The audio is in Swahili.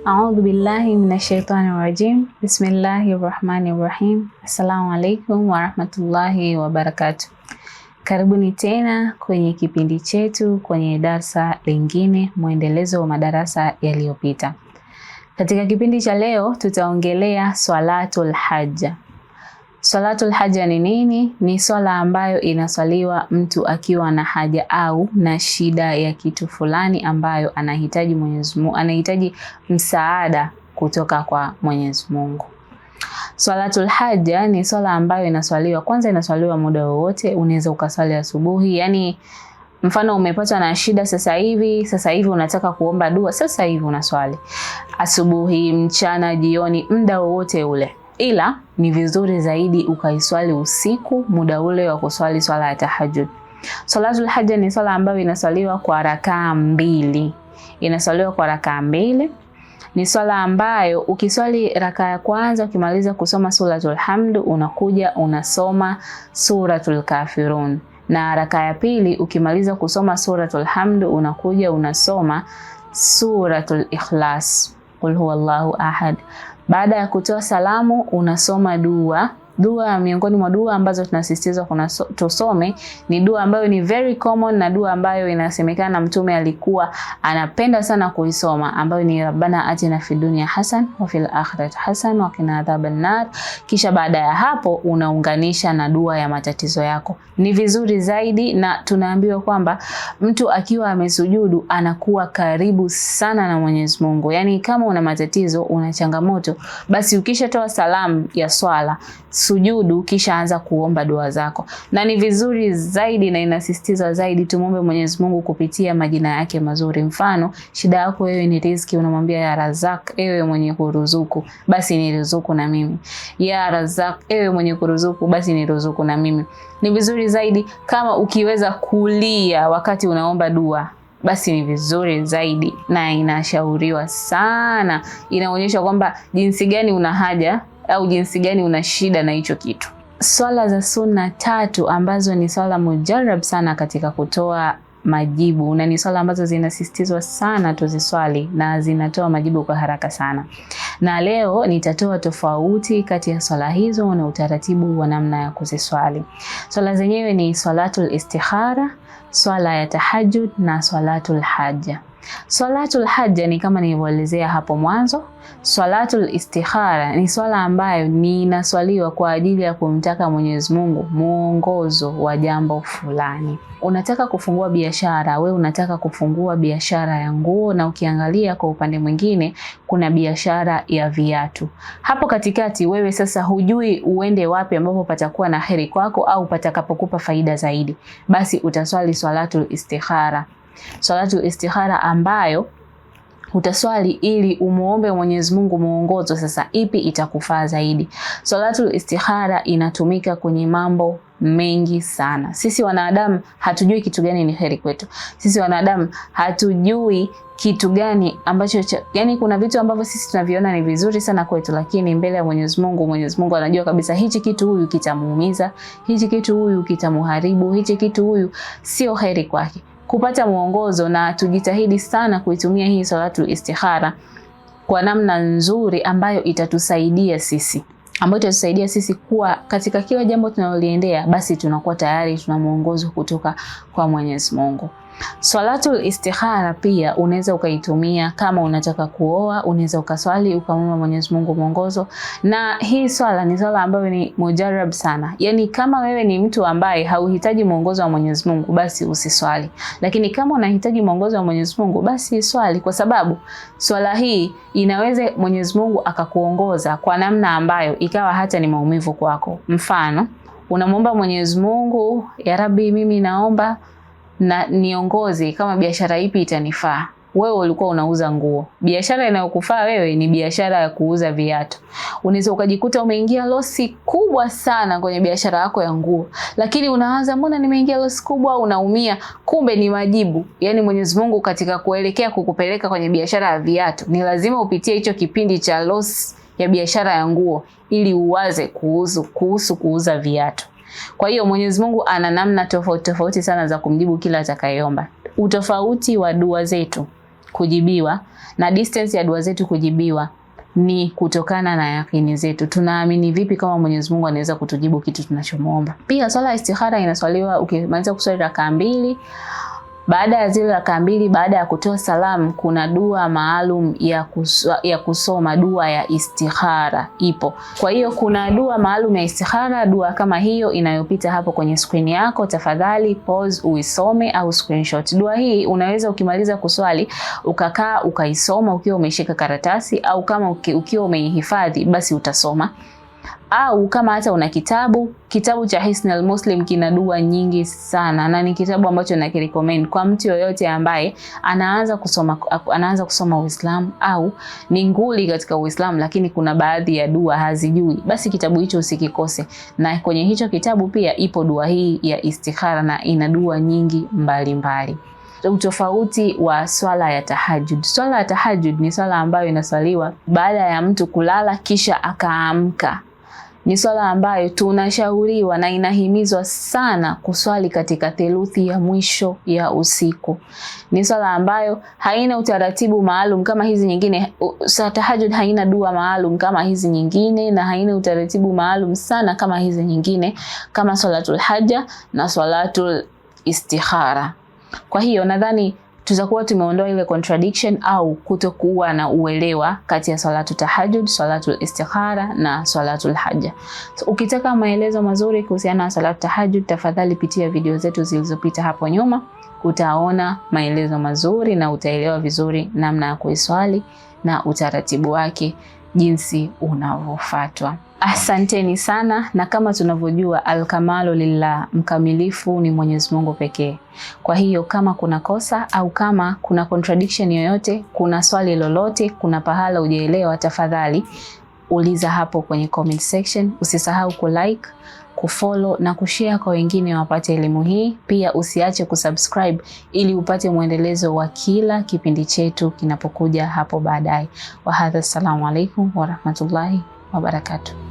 Audhu billahi minashaitani rajim. Bismillahi rahmani rahim. Assalamu alaikum warahmatullahi wabarakatu. Karibuni tena kwenye kipindi chetu kwenye darsa lingine, mwendelezo wa madarasa yaliyopita. Katika kipindi cha leo tutaongelea swalatul haja. Swalatul haja ni nini? Ni swala ambayo inaswaliwa mtu akiwa na haja au na shida ya kitu fulani ambayo anahitaji Mwenyezi Mungu, anahitaji msaada kutoka kwa Mwenyezi Mungu. Swalatul haja ni swala ambayo inaswaliwa, kwanza inaswaliwa muda wowote, unaweza ukaswali asubuhi. yani mfano umepatwa na shida sasa hivi, sasa hivi unataka kuomba dua, sasa hivi unaswali asubuhi, mchana, jioni, muda wowote ule ila ni vizuri zaidi ukaiswali usiku, muda ule wa kuswali swala ya tahajjud. Salatul haja ni swala ambayo inaswaliwa kwa rakaa mbili, inaswaliwa kwa rakaa mbili. Ni swala ambayo ukiswali rakaa ya kwanza, ukimaliza kusoma suratul hamdu, unakuja unasoma suratul kafirun, na raka ya pili ukimaliza kusoma suratul hamdu, unakuja unasoma suratul ikhlas, qul huwallahu ahad. Baada ya kutoa salamu, unasoma dua dua miongoni mwa dua ambazo tunasisitiza kuna so, tusome ni dua ambayo ni very common na dua ambayo inasemekana Mtume alikuwa anapenda sana kuisoma ambayo ni rabbana atina fi dunya hasan wa fil akhirati hasan wa qina adhaban nar. Kisha baada ya hapo unaunganisha na dua ya matatizo yako. Ni vizuri zaidi, na tunaambiwa kwamba mtu akiwa amesujudu anakuwa karibu sana na Mwenyezi Mungu. Yani kama una matatizo, una changamoto, basi ukishatoa salamu ya swala sujudu kisha anza kuomba dua zako, na ni vizuri zaidi na inasisitizwa zaidi tumombe Mwenyezi Mungu kupitia majina yake mazuri. Mfano, shida yako wewe ni riziki, unamwambia ya Razak, ewe mwenye kuruzuku, basi ni ruzuku na mimi. Ya Razak, ewe mwenye kuruzuku, basi ni ruzuku na mimi. Ni vizuri zaidi kama ukiweza kulia wakati unaomba dua basi ni vizuri zaidi, na inashauriwa sana. Inaonyesha kwamba jinsi gani una haja au jinsi gani una shida na hicho kitu. Swala za sunna tatu ambazo ni swala mujarab sana katika kutoa majibu na ni swala ambazo zinasisitizwa sana tuziswali na zinatoa majibu kwa haraka sana na leo nitatoa tofauti kati ya swala hizo na utaratibu wa namna ya kuziswali. Swala zenyewe ni swalatul istihara, swala ya tahajjud na swalatul haja. Swalatul haja ni kama nilivyoelezea hapo mwanzo. Swalatul istikhara ni swala ambayo ninaswaliwa kwa ajili ya kumtaka Mwenyezi Mungu mwongozo wa jambo fulani. Unataka kufungua biashara, we unataka kufungua biashara ya nguo, na ukiangalia kwa upande mwingine kuna biashara ya viatu. Hapo katikati wewe sasa hujui uende wapi ambapo patakuwa na heri kwako au patakapokupa faida zaidi, basi utaswali swalatul istikhara swalatu istikhara ambayo utaswali ili umuombe Mwenyezi Mungu muongozo. Sasa ipi itakufaa zaidi? Swalatul istikhara inatumika kwenye mambo mengi sana. Sisi wanadamu hatujui kitu gani ni heri kwetu. Sisi wanadamu hatujui kitu gani ambacho cha, yani kuna vitu ambavyo sisi tunaviona ni vizuri sana kwetu, lakini mbele ya Mwenyezi Mungu, Mwenyezi Mungu anajua kabisa hichi kitu huyu kitamuumiza, hichi kitu huyu kitamuharibu, hichi kitu huyu sio heri kwake kupata mwongozo na tujitahidi sana kuitumia hii salatu istikhara kwa namna nzuri ambayo itatusaidia sisi ambayo itatusaidia sisi kuwa katika kila jambo tunaloliendea, basi tunakuwa tayari tuna mwongozo kutoka kwa Mwenyezi Mungu. Swalatul istikhara pia unaweza ukaitumia kama unataka kuoa, unaweza ukaswali ukamwomba Mwenyezi Mungu mwongozo, na hii swala ni swala ambayo ni mujarab sana. yaani kama wewe ni mtu ambaye hauhitaji mwongozo wa Mwenyezi Mungu, basi usiswali, lakini kama unahitaji mwongozo wa Mwenyezi Mungu, basi swali, kwa sababu swala hii inaweza Mwenyezi Mungu akakuongoza kwa namna ambayo ikawa hata ni maumivu kwako. Mfano, unamwomba Mwenyezi Mungu, ya Rabbi, mimi naomba na niongoze kama biashara ipi itanifaa. Wewe ulikuwa unauza nguo, biashara inayokufaa wewe ni biashara ya kuuza viatu. Unaweza ukajikuta umeingia losi kubwa sana kwenye biashara yako ya nguo, lakini unaanza mbona nimeingia losi kubwa, unaumia. Kumbe ni majibu, yaani Mwenyezi Mungu katika kuelekea kukupeleka kwenye biashara ya viatu, ni lazima upitie hicho kipindi cha losi ya biashara ya nguo ili uwaze kuhusu kuhusu kuuza viatu. Kwa hiyo Mwenyezi Mungu ana namna tofauti tofauti sana za kumjibu kila atakayeomba. Utofauti wa dua zetu kujibiwa na distance ya dua zetu kujibiwa ni kutokana na yakini zetu. Tunaamini vipi kama Mwenyezi Mungu anaweza kutujibu kitu tunachomuomba? Pia swala ya istikhara inaswaliwa ukimaliza kuswali rakaa mbili baada ya zile rakaa mbili, baada ya kutoa salamu, kuna dua maalum ya, kuso, ya kusoma dua ya istikhara ipo. Kwa hiyo kuna dua maalum ya istikhara, dua kama hiyo inayopita hapo kwenye skrini yako, tafadhali pause uisome au screenshot. Dua hii unaweza ukimaliza kuswali ukakaa ukaisoma ukiwa umeshika karatasi au kama ukiwa umeihifadhi basi utasoma au kama hata una kitabu, kitabu cha Hisnul Muslim kina dua nyingi sana, na ni kitabu ambacho nakirecommend kwa mtu yoyote ambaye anaanza kusoma anaanza kusoma Uislamu au ni nguli katika Uislamu, lakini kuna baadhi ya dua hazijui, basi kitabu hicho usikikose. Na kwenye hicho kitabu pia ipo dua hii ya istikhara na ina dua nyingi mbalimbali mbali. Utofauti wa swala ya tahajud. Swala ya tahajud ni swala ambayo inaswaliwa baada ya mtu kulala kisha akaamka ni swala ambayo tunashauriwa na inahimizwa sana kuswali katika theluthi ya mwisho ya usiku. Ni swala ambayo haina utaratibu maalum kama hizi nyingine. Tahajjud haina dua maalum kama hizi nyingine, na haina utaratibu maalum sana kama hizi nyingine, kama swalatul haja na swalatul istikhara. Kwa hiyo nadhani tutakuwa tumeondoa ile contradiction au kutokuwa na uelewa kati ya swalatu tahajjud, swalatu istikhara na swalatu haja. So, ukitaka maelezo mazuri kuhusiana na swalatu tahajjud, tafadhali pitia video zetu zilizopita hapo nyuma, utaona maelezo mazuri na utaelewa vizuri namna ya kuiswali na utaratibu wake jinsi unavyofuatwa. Asanteni sana, na kama tunavyojua alkamalu lillah, mkamilifu ni Mwenyezi Mungu pekee. Kwa hiyo kama kuna kosa au kama kuna contradiction yoyote, kuna swali lolote, kuna pahala hujaelewa, tafadhali uliza hapo kwenye comment section. Usisahau kulike, kufollow na kushare kwa wengine wapate elimu hii. Pia usiache kusubscribe ili upate mwendelezo wa kila kipindi chetu kinapokuja hapo baadaye. Wahadha, assalamu alaikum warahmatullahi wabarakatuh.